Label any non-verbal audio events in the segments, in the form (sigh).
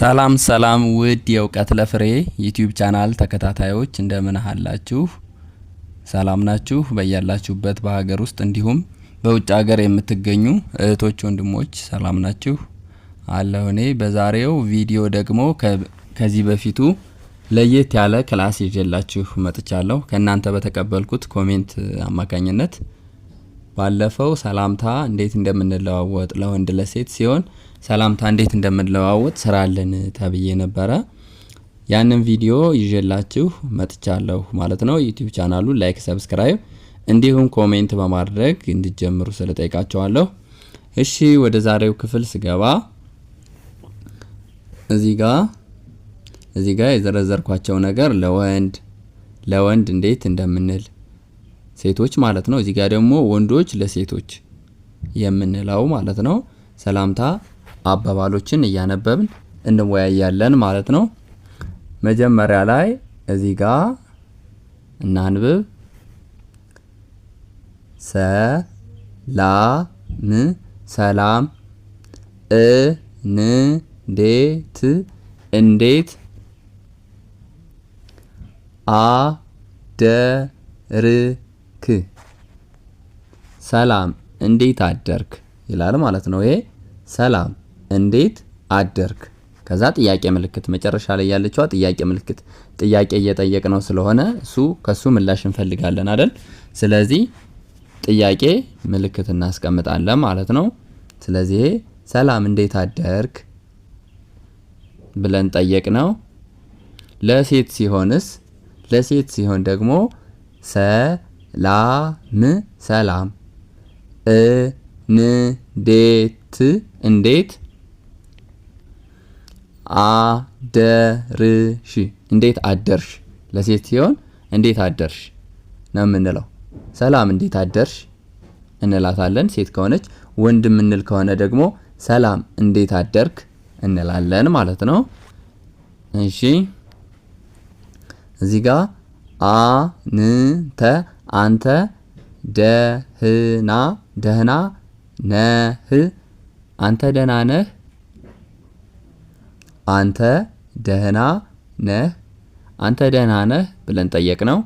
ሰላም ሰላም ውድ የእውቀት ለፍሬ ዩቲዩብ ቻናል ተከታታዮች እንደምን አላችሁ? ሰላም ናችሁ? በያላችሁበት በሀገር ውስጥ እንዲሁም በውጭ ሀገር የምትገኙ እህቶች ወንድሞች ሰላም ናችሁ? አለሁ እኔ። በዛሬው ቪዲዮ ደግሞ ከዚህ በፊቱ ለየት ያለ ክላስ ይዤላችሁ መጥቻለሁ ከእናንተ በተቀበልኩት ኮሜንት አማካኝነት ባለፈው ሰላምታ እንዴት እንደምንለዋወጥ ለወንድ ለሴት ሲሆን ሰላምታ እንዴት እንደምንለዋወጥ ስራልን ተብዬ ነበረ። ያንን ቪዲዮ ይዤላችሁ መጥቻለሁ ማለት ነው። ዩቲዩብ ቻናሉ ላይክ፣ ሰብስክራይብ እንዲሁም ኮሜንት በማድረግ እንዲጀምሩ ስለጠይቃቸዋለሁ። እሺ ወደ ዛሬው ክፍል ስገባ እዚህ ጋ እዚህ ጋ የዘረዘርኳቸው ነገር ለወንድ ለወንድ እንዴት እንደምንል ሴቶች ማለት ነው። እዚህ ጋር ደግሞ ወንዶች ለሴቶች የምንለው ማለት ነው። ሰላምታ አባባሎችን እያነበብን እንወያያለን ማለት ነው። መጀመሪያ ላይ እዚህ ጋር እናንብብ። ሰላም ሰላም፣ እንዴት እንዴት፣ አደር ክ ሰላም እንዴት አደርክ ይላል ማለት ነው። ይሄ ሰላም እንዴት አደርክ። ከዛ ጥያቄ ምልክት መጨረሻ ላይ ያለችዋ ጥያቄ ምልክት ጥያቄ እየጠየቅ ነው ስለሆነ እሱ ከሱ ምላሽ እንፈልጋለን አይደል? ስለዚህ ጥያቄ ምልክት እናስቀምጣለን ማለት ነው። ስለዚህ ሰላም እንዴት አደርክ ብለን ጠየቅ ነው። ለሴት ሲሆንስ ለሴት ሲሆን ደግሞ ሰ ላም ሰላም እንዴት እንዴት አደርሽ እንዴት አደርሽ ለሴት ሲሆን እንዴት አደርሽ ነው የምንለው። ሰላም እንዴት አደርሽ እንላታለን ሴት ከሆነች። ወንድ የምንል ከሆነ ደግሞ ሰላም እንዴት አደርክ እንላለን ማለት ነው። እሺ እዚህ ጋር አንተ አንተ ደህና ደህና ነህ አንተ ደህና ነህ አንተ ደህና ነህ አንተ ደህና ነህ ብለን ጠየቅ ነው።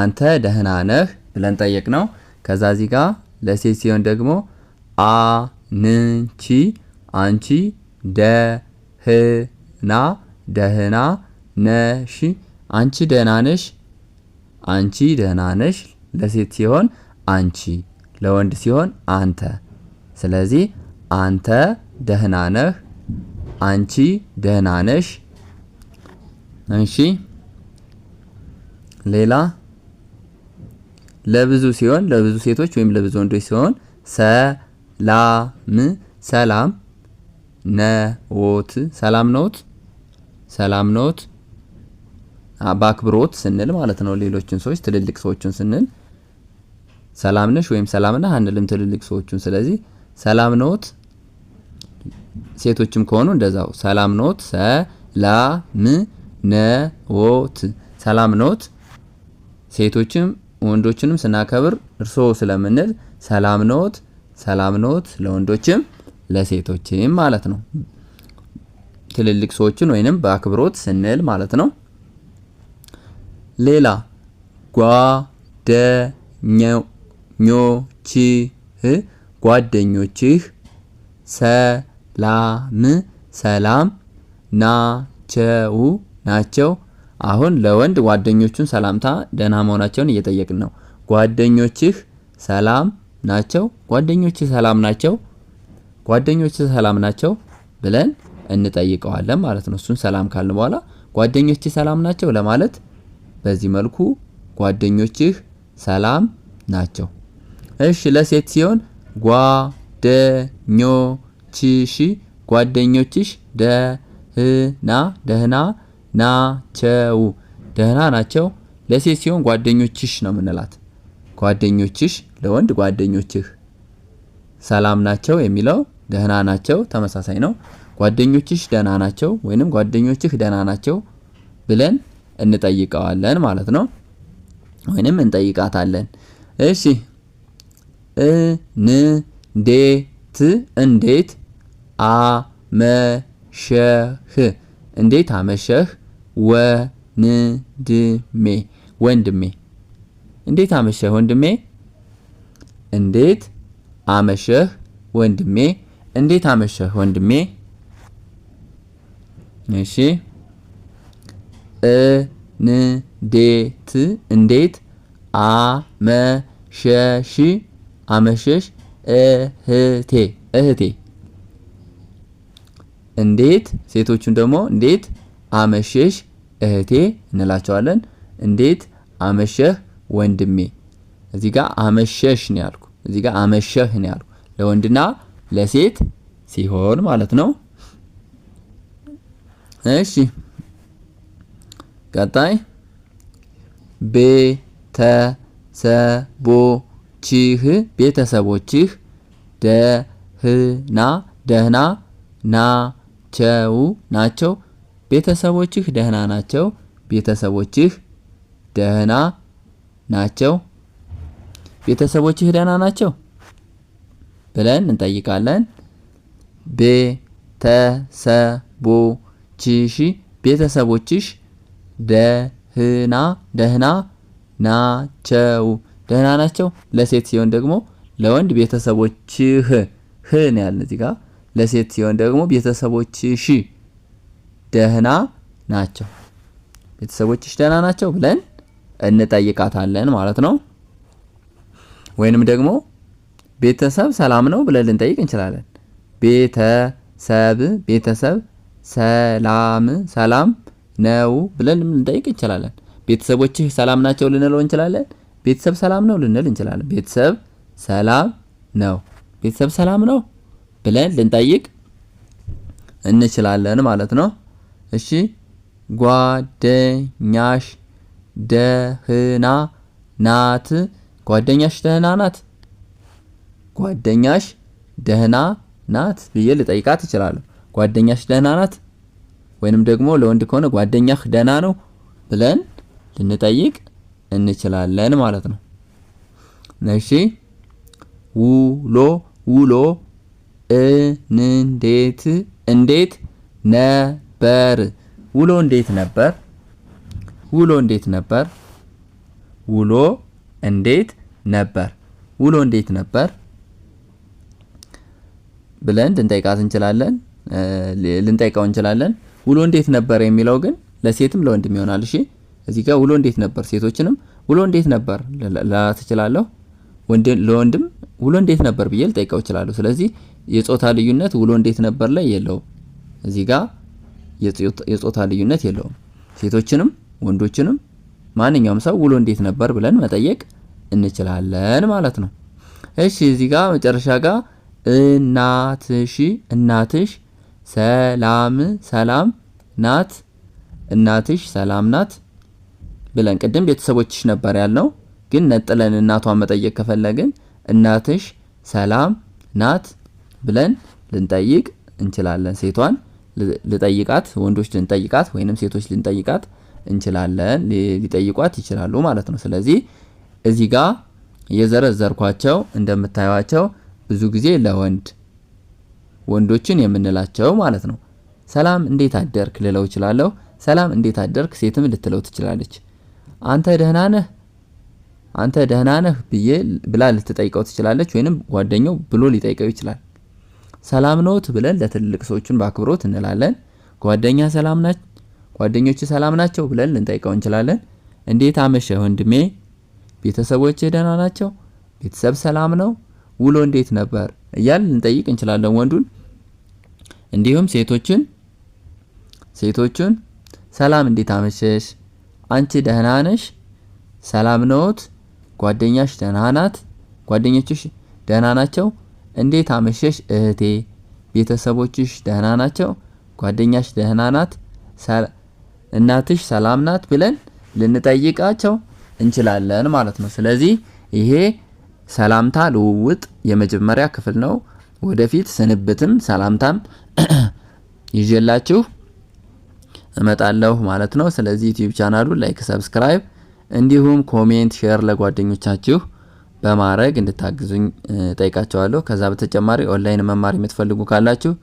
አንተ ደህና ነህ ብለን ጠየቅ ነው። ከዛ እዚህ ጋ ለሴት ሲሆን ደግሞ አንቺ አንቺ ደህና ደህና ነሽ አንቺ ደህና ነሽ አንቺ ደህና ነሽ ለሴት ሲሆን አንቺ፣ ለወንድ ሲሆን አንተ። ስለዚህ አንተ ደህና ነህ፣ አንቺ ደህና ነሽ። እሺ፣ ሌላ ለብዙ ሲሆን ለብዙ ሴቶች ወይም ለብዙ ወንዶች ሲሆን ሰላም ሰላም ነዎት፣ ሰላም ነዎት፣ ሰላም ነዎት በአክብሮት ስንል ማለት ነው። ሌሎችን ሰዎች ትልልቅ ሰዎችን ስንል ሰላም ነሽ ወይም ሰላም ነህ አንልም ትልልቅ ሰዎችን። ስለዚህ ሰላም ኖት፣ ሴቶችም ከሆኑ እንደዛው ሰላም ኖት፣ ሰላም ነዎት፣ ሰላም ኖት። ሴቶችም ወንዶችንም ስናከብር እርሶ ስለምንል ሰላም ኖት፣ ሰላም ኖት ለወንዶችም ለሴቶችም ማለት ነው። ትልልቅ ሰዎችን ወይንም በአክብሮት ስንል ማለት ነው። ሌላ ጓደኞችህ ጓደኞችህ ሰላም ሰላም ናቸው ናቸው። አሁን ለወንድ ጓደኞቹን ሰላምታ ደህና መሆናቸውን እየጠየቅን ነው። ጓደኞችህ ሰላም ናቸው፣ ጓደኞችህ ሰላም ናቸው፣ ጓደኞችህ ሰላም ናቸው ብለን እንጠይቀዋለን ማለት ነው። እሱን ሰላም ካልን በኋላ ጓደኞችህ ሰላም ናቸው ለማለት በዚህ መልኩ ጓደኞችህ ሰላም ናቸው። እሺ ለሴት ሲሆን ጓደኞችሽ ጓደኞችሽ ደህና ደህና ናቸው ደህና ናቸው። ለሴት ሲሆን ጓደኞችሽ ነው የምንላት። ጓደኞችሽ ለወንድ ጓደኞችህ ሰላም ናቸው የሚለው ደህና ናቸው ተመሳሳይ ነው። ጓደኞችሽ ደህና ናቸው ወይንም ጓደኞችህ ደህና ናቸው ብለን እንጠይቀዋለን ማለት ነው፣ ወይንም እንጠይቃታለን። እሺ እንዴት እንዴት አመሸህ እንዴት አመሸህ ወንድሜ ወንድሜ እንዴት አመሸህ ወንድሜ እንዴት አመሸህ ወንድሜ እንዴት አመሸህ ወንድሜ እሺ እንዴት እንዴት አመሸሽ አመሸሽ እህቴ እህቴ እንዴት ሴቶቹን ደግሞ እንዴት አመሸሽ እህቴ እንላቸዋለን። እንዴት አመሸህ ወንድሜ። እዚህ ጋር አመሸሽ ነው ያልኩ፣ እዚህ ጋር አመሸህ ነው ያልኩ ለወንድና ለሴት ሲሆን ማለት ነው። እሺ ቀጣይ ቤተሰቦችህ ቤተሰቦችህ ደህና ደህና ናቸው ናቸው ቤተሰቦችህ ደህና ናቸው ቤተሰቦችህ ደህና ናቸው ቤተሰቦችህ ደህና ናቸው ብለን እንጠይቃለን። ቤተሰቦችሽ ቤተሰቦችሽ ደህና ደህና ናቸው ደህና ናቸው። ለሴት ሲሆን ደግሞ ለወንድ ቤተሰቦችህ ህ ነው ያልን እዚህ ጋር። ለሴት ሲሆን ደግሞ ቤተሰቦችሽ ደህና ናቸው ቤተሰቦችሽ ደህና ናቸው ብለን እንጠይቃታለን ማለት ነው። ወይንም ደግሞ ቤተሰብ ሰላም ነው ብለን ልንጠይቅ እንችላለን። ቤተሰብ ቤተሰብ ሰላም ሰላም ነው ብለን ልንጠይቅ እንችላለን። ቤተሰቦችህ ሰላም ናቸው ልንለው እንችላለን። ቤተሰብ ሰላም ነው ልንል እንችላለን። ቤተሰብ ሰላም ነው፣ ቤተሰብ ሰላም ነው ብለን ልንጠይቅ እንችላለን ማለት ነው። እሺ ጓደኛሽ ደህና ናት? ጓደኛሽ ደህና ናት? ጓደኛሽ ደህና ናት ብዬ ልጠይቃት እችላለሁ። ጓደኛሽ ደህና ናት ወይንም ደግሞ ለወንድ ከሆነ ጓደኛህ ደህና ነው ብለን ልንጠይቅ እንችላለን ማለት ነው። እሺ ውሎ ውሎ እንዴት እንዴት ነበር? ውሎ እንዴት ነበር? ውሎ እንዴት ነበር? ውሎ እንዴት ነበር? ውሎ እንዴት ነበር ብለን ልንጠይቃት እንችላለን ልንጠይቀው እንችላለን። ውሎ እንዴት ነበር የሚለው ግን ለሴትም ለወንድም ይሆናል። እሺ እዚህ ጋር ውሎ እንዴት ነበር፣ ሴቶችንም ውሎ እንዴት ነበር ልላት እችላለሁ። ለወንድም ውሎ እንዴት ነበር ብዬ ልጠይቀው እችላለሁ። ስለዚህ የጾታ ልዩነት ውሎ እንዴት ነበር ላይ የለውም። እዚህ ጋር የጾታ ልዩነት የለውም። ሴቶችንም ወንዶችንም ማንኛውም ሰው ውሎ እንዴት ነበር ብለን መጠየቅ እንችላለን ማለት ነው። እሺ እዚህ ጋር መጨረሻ ጋር እናትሽ እናትሽ ሰላም ሰላም ናት እናትሽ ሰላም ናት ብለን ቅድም ቤተሰቦችሽ ነበር ያልነው። ግን ነጥለን እናቷን መጠየቅ ከፈለግን እናትሽ ሰላም ናት ብለን ልንጠይቅ እንችላለን። ሴቷን ልጠይቃት፣ ወንዶች ልንጠይቃት ወይንም ሴቶች ልንጠይቃት እንችላለን። ሊጠይቋት ይችላሉ ማለት ነው። ስለዚህ እዚህ ጋር የዘረዘርኳቸው እንደምታዩቸው ብዙ ጊዜ ለወንድ ወንዶችን የምንላቸው ማለት ነው። ሰላም እንዴት አደርክ ልለው እችላለሁ። ሰላም እንዴት አደርክ ሴትም ልትለው ትችላለች። አንተ ደህና ነህ አንተ ደህና ነህ ብዬ ብላ ልትጠይቀው ትችላለች። ወይንም ጓደኛው ብሎ ሊጠይቀው ይችላል። ሰላም ነዎት ብለን ለትልልቅ ሰዎችን በአክብሮት እንላለን። ጓደኛ ሰላም ናች ጓደኞች ሰላም ናቸው ብለን ልንጠይቀው እንችላለን። እንዴት አመሸ ወንድሜ? ቤተሰቦች ደህና ናቸው? ቤተሰብ ሰላም ነው? ውሎ እንዴት ነበር? እያል ልንጠይቅ እንችላለን ወንዱን። እንዲሁም ሴቶችን ሴቶችን ሰላም፣ እንዴት አመሸሽ? አንቺ ደህና ነሽ? ሰላም ነዎት? ጓደኛሽ ደህና ናት? ጓደኞችሽ ደህና ናቸው? እንዴት አመሸሽ እህቴ? ቤተሰቦችሽ ደህና ናቸው? ጓደኛሽ ደህና ናት? እናትሽ ሰላም ናት? ብለን ልንጠይቃቸው እንችላለን ማለት ነው። ስለዚህ ይሄ ሰላምታ ልውውጥ የመጀመሪያ ክፍል ነው። ወደፊት ስንብትም ሰላምታም (clears throat) ይዤላችሁ እመጣለሁ ማለት ነው። ስለዚህ ዩቲዩብ ቻናሉ ላይክ፣ ሰብስክራይብ እንዲሁም ኮሜንት፣ ሼር ለጓደኞቻችሁ በማድረግ እንድታግዙኝ ጠይቃቸዋለሁ። ከዛ በተጨማሪ ኦንላይን መማር የምትፈልጉ ካላችሁ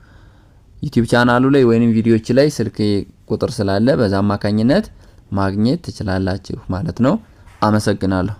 ዩቲዩብ ቻናሉ ላይ ወይም ቪዲዮዎች ላይ ስልክ ቁጥር ስላለ በዛ አማካኝነት ማግኘት ትችላላችሁ ማለት ነው። አመሰግናለሁ።